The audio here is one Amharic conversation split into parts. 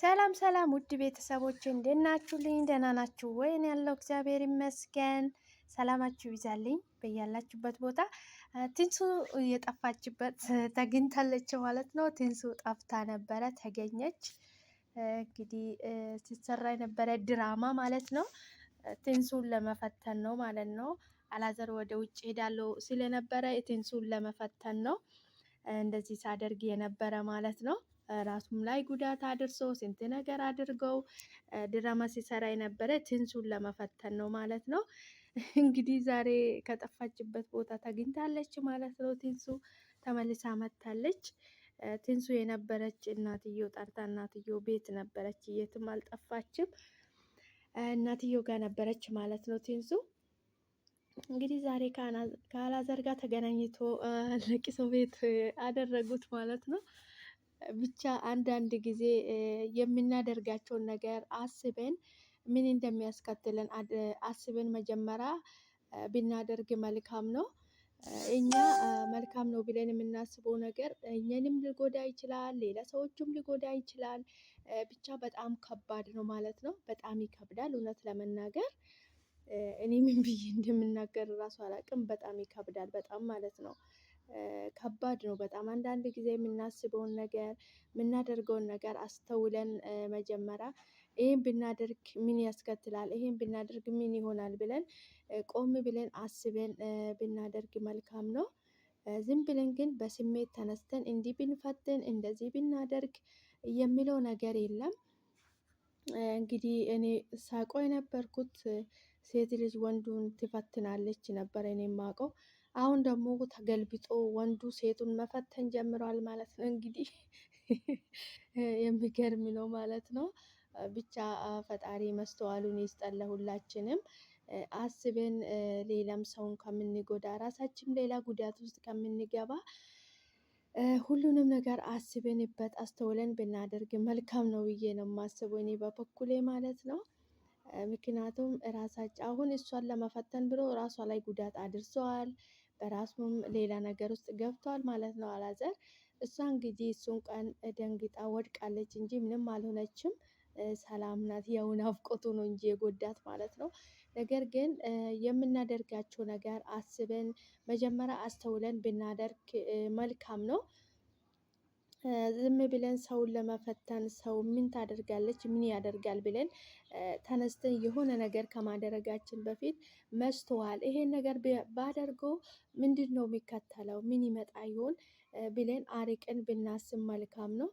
ሰላም ሰላም፣ ውድ ቤተሰቦች እንዴት ናችሁልኝ? ደህና ናችሁ ወይን? ያለው እግዚአብሔር ይመስገን። ሰላማችሁ ይዛልኝ በያላችሁበት ቦታ። ትንሱ የጠፋችበት ተግኝታለች ማለት ነው። ትንሱ ጠፍታ ነበረ፣ ተገኘች። እንግዲህ ሲሰራ የነበረ ድራማ ማለት ነው። ትንሱን ለመፈተን ነው ማለት ነው። አላዘር ወደ ውጭ ሄዳለው ስለነበረ ትንሱን ለመፈተን ነው እንደዚህ ሳደርግ የነበረ ማለት ነው። ራሱም ላይ ጉዳት አድርሶ ስንት ነገር አድርገው ድራማ ሲሰራ የነበረ ትንሱን ለመፈተን ነው ማለት ነው። እንግዲህ ዛሬ ከጠፋችበት ቦታ ታግኝታለች ማለት ነው። ትንሱ ተመልሳ መታለች። ትንሱ የነበረች እናትዮ ጠርታ እናትዮ ቤት ነበረች፣ የትም አልጠፋችም። እናትዮ ጋር ነበረች ማለት ነው። ትንሱ እንግዲህ ዛሬ ከአላዘር ጋር ተገናኝቶ ለቅሶ ቤት አደረጉት ማለት ነው። ብቻ አንዳንድ ጊዜ የምናደርጋቸውን ነገር አስበን ምን እንደሚያስከትለን አስበን መጀመሪያ ብናደርግ መልካም ነው። እኛ መልካም ነው ብለን የምናስበው ነገር እኛንም ሊጎዳ ይችላል ሌላ ሰዎችም ሊጎዳ ይችላል። ብቻ በጣም ከባድ ነው ማለት ነው በጣም ይከብዳል እውነት ለመናገር። እኔ ምን ብዬ እንደምናገር ራሱ አላውቅም በጣም ይከብዳል በጣም ማለት ነው ከባድ ነው በጣም አንዳንድ ጊዜ የምናስበውን ነገር የምናደርገውን ነገር አስተውለን መጀመሪያ ይህን ብናደርግ ምን ያስከትላል፣ ይህን ብናደርግ ምን ይሆናል ብለን ቆም ብለን አስበን ብናደርግ መልካም ነው። ዝም ብለን ግን በስሜት ተነስተን እንዲህ ብንፈትን እንደዚህ ብናደርግ የሚለው ነገር የለም። እንግዲህ እኔ ሳቆ የነበርኩት ሴት ልጅ ወንዱን ትፈትናለች ነበር እኔ ማቀው አሁን ደግሞ ተገልብጦ ወንዱ ሴቱን መፈተን ጀምሯል ማለት ነው። እንግዲህ የሚገርም ነው ማለት ነው። ብቻ ፈጣሪ መስተዋሉን ይስጠን ለሁላችንም። አስበን ሌላም ሰውን ከምንጎዳ ራሳችን ሌላ ጉዳት ውስጥ ከምንገባ ሁሉንም ነገር አስበንበት አስተውለን ብናደርግ መልካም ነው ብዬ ነው የማስበው እኔ በበኩሌ ማለት ነው። ምክንያቱም ራሳችን አሁን እሷን ለመፈተን ብሎ ራሷ ላይ ጉዳት አድርሰዋል። በራሱም ሌላ ነገር ውስጥ ገብቷል ማለት ነው አላዘር እሷ እንግዲህ እሱን ቀን ደንግጣ ወድቃለች እንጂ ምንም አልሆነችም። ሰላም ናት። ያው ናፍቆቱ ነው እንጂ የጎዳት ማለት ነው። ነገር ግን የምናደርጋቸው ነገር አስበን መጀመሪያ አስተውለን ብናደርግ መልካም ነው። ዝም ብለን ሰውን ለመፈተን ሰው ምን ታደርጋለች፣ ምን ያደርጋል ብለን ተነስተን የሆነ ነገር ከማደረጋችን በፊት መስተዋል፣ ይሄን ነገር ባደርገው ምንድን ነው የሚከተለው፣ ምን ይመጣ ይሆን ብለን አርቀን ብናስብ መልካም ነው።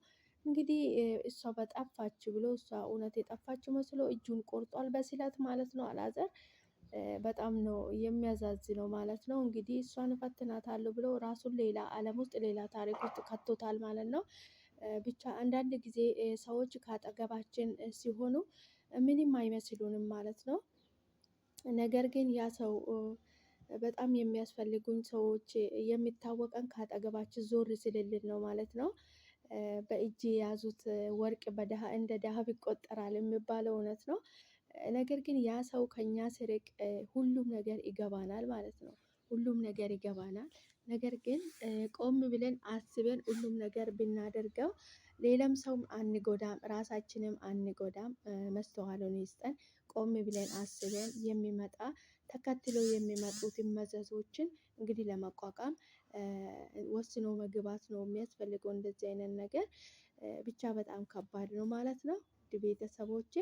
እንግዲህ እሷ በጠፋች ብሎ እሷ እውነት የጠፋች መስሎ እጁን ቆርጧል በስለት ማለት ነው አላዘር። በጣም ነው የሚያዛዝነው ማለት ነው። እንግዲህ እሷን እፈትናታለሁ ብሎ ራሱን ሌላ ዓለም ውስጥ ሌላ ታሪክ ውስጥ ከቶታል ማለት ነው። ብቻ አንዳንድ ጊዜ ሰዎች ካጠገባችን ሲሆኑ ምንም አይመስሉንም ማለት ነው። ነገር ግን ያ ሰው በጣም የሚያስፈልጉኝ ሰዎች የሚታወቀን ካጠገባችን ዞር ስልልን ነው ማለት ነው። በእጅ የያዙት ወርቅ በድሃ እንደ ድሃ ይቆጠራል የሚባለው እውነት ነው። ነገር ግን ያ ሰው ከኛ ስርቅ ሁሉም ነገር ይገባናል ማለት ነው። ሁሉም ነገር ይገባናል። ነገር ግን ቆም ብለን አስበን ሁሉም ነገር ብናደርገው ሌላም ሰውም አንጎዳም፣ ራሳችንም አንጎዳም። መስተዋልን ይስጠን። ቆም ብለን አስበን የሚመጣ ተከትሎ የሚመጡትን መዘዞችን እንግዲህ ለመቋቋም ወስኖ መግባት ነው የሚያስፈልገው። እንደዚህ አይነት ነገር ብቻ በጣም ከባድ ነው ማለት ነው። ቤተሰቦቼ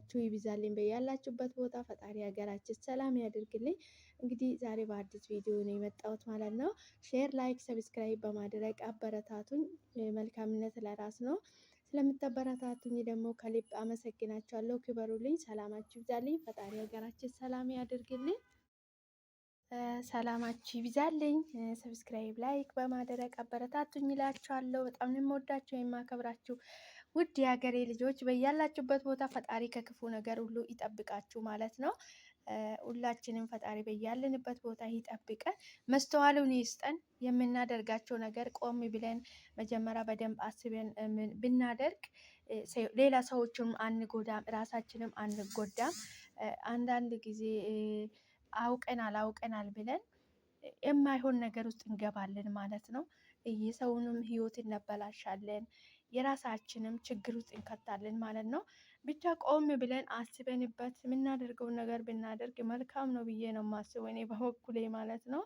እችሁ ይብዛልኝ በያላችሁበት ቦታ ፈጣሪ ሀገራችን ሰላም ያድርግልኝ። እንግዲህ ዛሬ በአዲስ ቪዲዮ ነው የመጣሁት ማለት ነው። ሼር፣ ላይክ፣ ሰብስክራይብ በማድረግ አበረታቱኝ። መልካምነት ለራስ ነው። ስለምታበረታቱኝ ደግሞ ከልብ አመሰግናችኋለሁ። ክበሩልኝ። ሰላማችሁ ይብዛልኝ። ፈጣሪ ሀገራችን ሰላም ያድርግልኝ። ሰላማችሁ ይብዛልኝ። ሰብስክራይብ ላይክ በማድረግ አበረታቱኝ እላችኋለሁ። በጣም የምወዳችሁ የማከብራችሁ ውድ የሀገሬ ልጆች በያላችሁበት ቦታ ፈጣሪ ከክፉ ነገር ሁሉ ይጠብቃችሁ ማለት ነው። ሁላችንም ፈጣሪ በያለንበት ቦታ ይጠብቀን፣ መስተዋሉን ይስጠን። የምናደርጋቸው ነገር ቆም ብለን መጀመሪያ በደንብ አስበን ብናደርግ ሌላ ሰዎችም አንጎዳም፣ ራሳችንም አንጎዳም። አንዳንድ ጊዜ አውቀናል አውቀናል ብለን የማይሆን ነገር ውስጥ እንገባለን ማለት ነው። የሰውንም ህይወት እናበላሻለን። የራሳችንም ችግር ውስጥ እንከታለን ማለት ነው። ብቻ ቆም ብለን አስበንበት የምናደርገው ነገር ብናደርግ መልካም ነው ብዬ ነው የማስበው እኔ በበኩሌ ማለት ነው።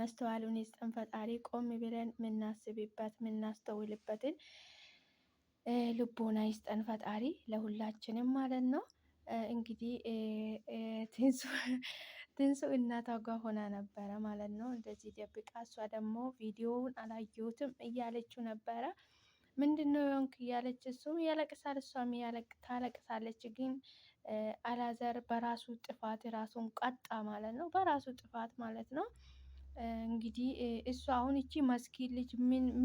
መስተዋሉን ይስጠን ፈጣሪ ቆም ብለን የምናስብበት የምናስተውልበትን ልቦና ይስጠን ፈጣሪ ለሁላችንም ማለት ነው። እንግዲህ ድምፁ እናቷ ጋር ሆና ነበረ ማለት ነው። እንደዚህ ደብቃ እሷ ደግሞ ቪዲዮውን አላየሁትም እያለችው ነበረ። ምንድነው የሆንክ እያለች እሱም ያለቅሳል፣ እሷም ታለቅሳለች። ግን አላዘር በራሱ ጥፋት ራሱን ቀጣ ማለት ነው። በራሱ ጥፋት ማለት ነው። እንግዲህ እሱ አሁን እቺ መስኪ ልጅ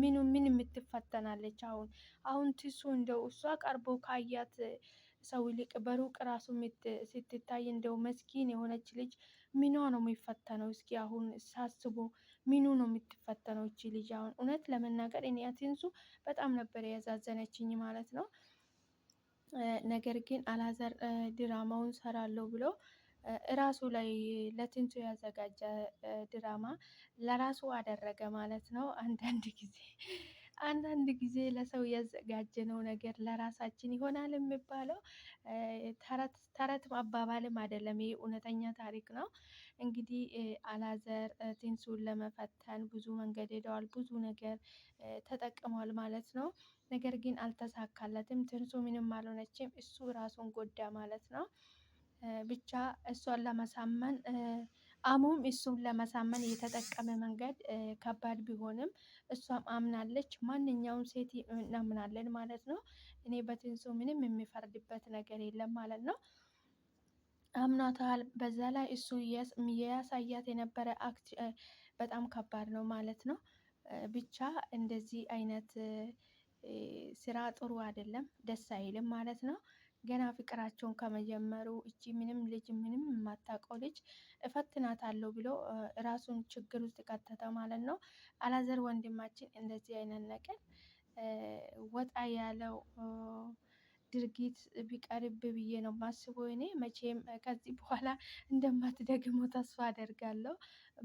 ምኑ ምን የምትፈተናለች? አሁን አሁን ትሱ እንደው እሷ ቀርቦ ካያት ሰው ይልቅ በሩቅ ራሱ ስትታይ እንደው መስኪን የሆነች ልጅ ሚኗ ነው የሚፈተነው? እስኪ አሁን ሳስቦ ሚኑ ነው የምትፈተነው? እቺ ልጅ አሁን እውነት ለመናገር እኔ ትንሱ በጣም ነበር ያዛዘነችኝ ማለት ነው። ነገር ግን አላዘር ድራማውን ሰራለሁ ብሎ እራሱ ላይ ለትንሱ ያዘጋጀ ድራማ ለራሱ አደረገ ማለት ነው። አንዳንድ ጊዜ አንዳንድ ጊዜ ለሰው ያዘጋጀነው ነገር ለራሳችን ይሆናል የሚባለው ተረት ተረት አባባልም አይደለም። ይሄ እውነተኛ ታሪክ ነው። እንግዲህ አላዘር ቲንሱን ለመፈተን ብዙ መንገድ ሄደዋል፣ ብዙ ነገር ተጠቅመዋል ማለት ነው። ነገር ግን አልተሳካለትም። ትንሱ ምንም አልሆነችም። እሱ ራሱን ጎዳ ማለት ነው። ብቻ እሷን ለማሳመን አሙም እሱም ለመሳመን የተጠቀመ መንገድ ከባድ ቢሆንም እሷም አምናለች። ማንኛውም ሴት እናምናለን ማለት ነው። እኔ በትንሱ ምንም የሚፈርድበት ነገር የለም ማለት ነው። አምናታል። በዛ ላይ እሱ የያሳያት የነበረ አክት በጣም ከባድ ነው ማለት ነው። ብቻ እንደዚህ አይነት ስራ ጥሩ አይደለም፣ ደስ አይልም ማለት ነው። ገና ፍቅራቸውን ከመጀመሩ እቺ ምንም ልጅ ምንም የማታውቀው ልጅ እፈትናታለሁ ብሎ ራሱን ችግር ውስጥ ከተተ ማለት ነው። አላዘር ወንድማችን እንደዚህ አይነት ነገር ወጣ ያለው ድርጊት ቢቀርብ ብዬ ነው ማስበው። እኔ መቼም ከዚህ በኋላ እንደማትደግመው ተስፋ አደርጋለሁ።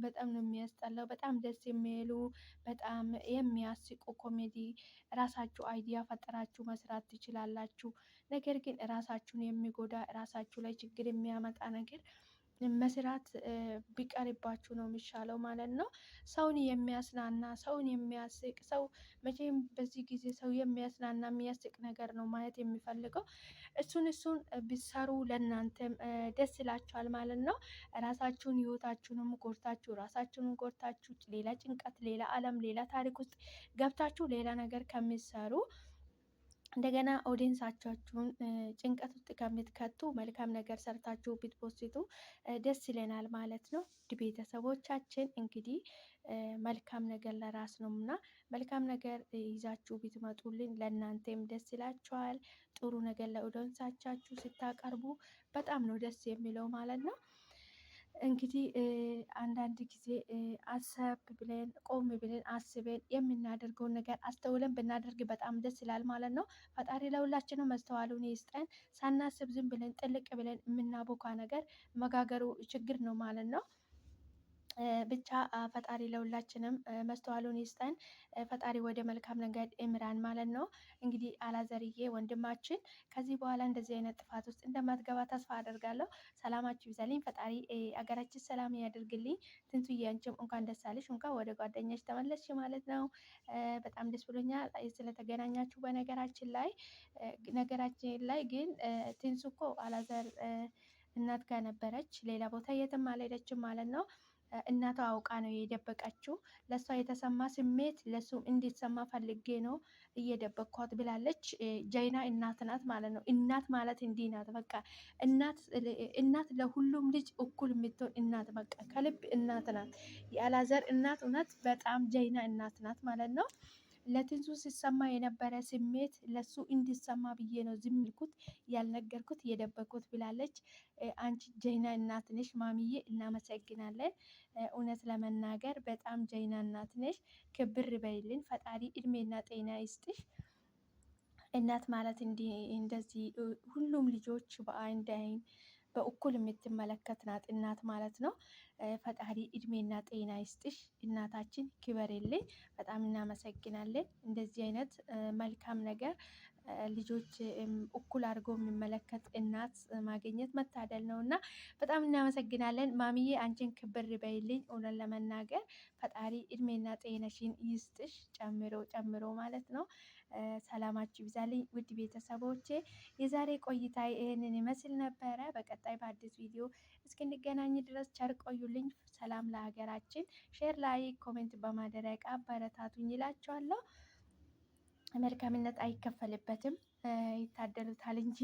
በጣም ነው የሚያስጠላው። በጣም ደስ የሚሉ በጣም የሚያስቁ ኮሜዲ ራሳችሁ አይዲያ ፈጥራችሁ መስራት ትችላላችሁ። ነገር ግን ራሳችሁን የሚጎዳ ራሳችሁ ላይ ችግር የሚያመጣ ነገር መስራት ቢቀርባችሁ ነው የሚሻለው ማለት ነው። ሰውን የሚያስናና ሰውን የሚያስቅ ሰው መቼም በዚህ ጊዜ ሰው የሚያስናና የሚያስቅ ነገር ነው ማየት የሚፈልገው። እሱን እሱን ቢሰሩ ለእናንተም ደስ ይላችኋል ማለት ነው። ራሳችሁን ህይወታችሁንም ጎርታችሁ ራሳችሁን ጎርታችሁ ሌላ ጭንቀት፣ ሌላ አለም፣ ሌላ ታሪክ ውስጥ ገብታችሁ ሌላ ነገር ከሚሰሩ እንደገና ኦዲየንሳቻችሁን ጭንቀት ውስጥ ከምትከቱ መልካም ነገር ሰርታችሁ ብትፖስቱ ደስ ይለናል ማለት ነው። ውድ ቤተሰቦቻችን እንግዲህ መልካም ነገር ለራስ ነው እና መልካም ነገር ይዛችሁ ብትመጡልን ለእናንተም ደስ ይላችኋል። ጥሩ ነገር ለኦዲንሳቻችሁ ስታቀርቡ በጣም ነው ደስ የሚለው ማለት ነው። እንግዲህ አንዳንድ ጊዜ አሰብ ብለን ቆም ብለን አስበን የምናደርገውን ነገር አስተውለን ብናደርግ በጣም ደስ ይላል ማለት ነው። ፈጣሪ ለሁላችንም መስተዋሉን ይስጠን። ሳናስብ ዝም ብለን ጥልቅ ብለን የምናቦካ ነገር መጋገሩ ችግር ነው ማለት ነው። ብቻ ፈጣሪ ለሁላችንም መስተዋሉን ይስጠን። ፈጣሪ ወደ መልካም ነገር እምራን ማለት ነው። እንግዲህ አላዘርዬ ወንድማችን ከዚህ በኋላ እንደዚህ አይነት ጥፋት ውስጥ እንደማትገባ ተስፋ አደርጋለሁ። ሰላማችሁ ይብዛልኝ። ፈጣሪ አገራችን ሰላም ያደርግልኝ። ትንሱዬ አንቺም እንኳን ደስ አለሽ፣ እንኳን ወደ ጓደኛሽ ተመለስሽ ማለት ነው። በጣም ደስ ብሎኛል ስለተገናኛችሁ። በነገራችን ላይ ነገራችን ላይ ግን ትንሱ እኮ አላዘር እናት ጋር ነበረች። ሌላ ቦታ የትም አልሄደችም ማለት ነው። እናቷ አውቃ ነው የደበቀችው። ለእሷ የተሰማ ስሜት ለሱም እንዲሰማ ፈልጌ ነው እየደበቅኳት ብላለች። ጀይና እናት ናት ማለት ነው። እናት ማለት እንዲህ ናት። በቃ እናት ለሁሉም ልጅ እኩል የምትሆን እናት በቃ ከልብ እናት ናት። የአላዘር እናት እውነት በጣም ጀይና እናት ናት ማለት ነው። ለትንሱ ሲሰማ የነበረ ስሜት ለሱ እንዲሰማ ብዬ ነው ዝም ያልኩት ያልነገርኩት የደበኩት ብላለች። አንቺ ጀይና እናት ነሽ ማሚዬ፣ እናመሰግናለን። እውነት ለመናገር በጣም ጀይና እናት ነሽ። ክብር በይልን። ፈጣሪ እድሜና ጤና ይስጥሽ። እናት ማለት እንደዚህ ሁሉም ልጆች በአንድ አይን በእኩል የምትመለከት ናት እናት ማለት ነው። ፈጣሪ እድሜና ጤና ይስጥሽ እናታችን ክበሬልኝ። በጣም እናመሰግናለን። እንደዚህ አይነት መልካም ነገር ልጆች እኩል አድርጎ የሚመለከት እናት ማግኘት መታደል ነው እና በጣም እናመሰግናለን ማሚዬ። አንቺን ክብር በይልኝ። እውነት ለመናገር ፈጣሪ እድሜና ጤነሽን ይስጥሽ ጨምሮ ጨምሮ ማለት ነው። ሰላማችሁ ይብዛልኝ ውድ ቤተሰቦቼ። የዛሬ ቆይታ ይህንን ይመስል ነበረ። በቀጣይ በአዲስ ቪዲዮ እስክንገናኝ ድረስ ቸር ቆዩልኝ። ሰላም ለሀገራችን። ሼር ላይ ኮሜንት በማድረግ አበረታቱኝ ይላቸዋለሁ። መልካምነት አይከፈልበትም፣ ይታደሉታል እንጂ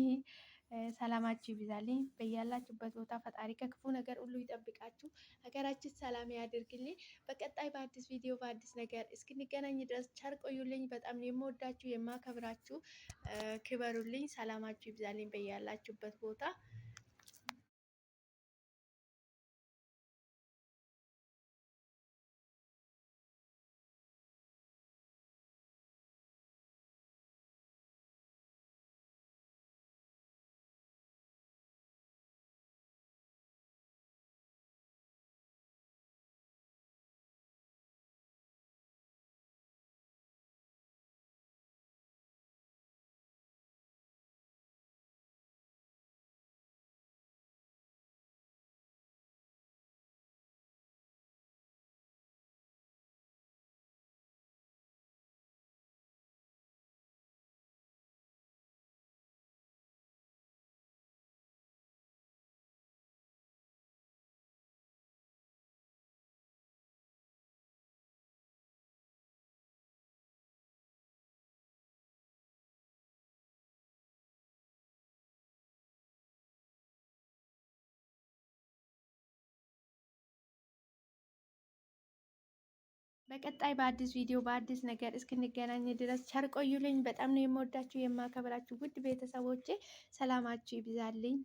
ሰላማችሁ ይብዛልኝ። በያላችሁበት ቦታ ፈጣሪ ከክፉ ነገር ሁሉ ይጠብቃችሁ፣ ሀገራችን ሰላም ያድርግልኝ። በቀጣይ በአዲስ ቪዲዮ በአዲስ ነገር እስክንገናኝ ድረስ ቸር ቆዩልኝ። በጣም የምወዳችሁ የማከብራችሁ፣ ክበሩልኝ። ሰላማችሁ ይብዛልኝ በያላችሁበት ቦታ በቀጣይ በአዲስ ቪዲዮ በአዲስ ነገር እስክንገናኝ ድረስ ቸር ቆዩልኝ። በጣም ነው የምወዳችሁ የማከብራችሁ ውድ ቤተሰቦቼ፣ ሰላማችሁ ይብዛልኝ።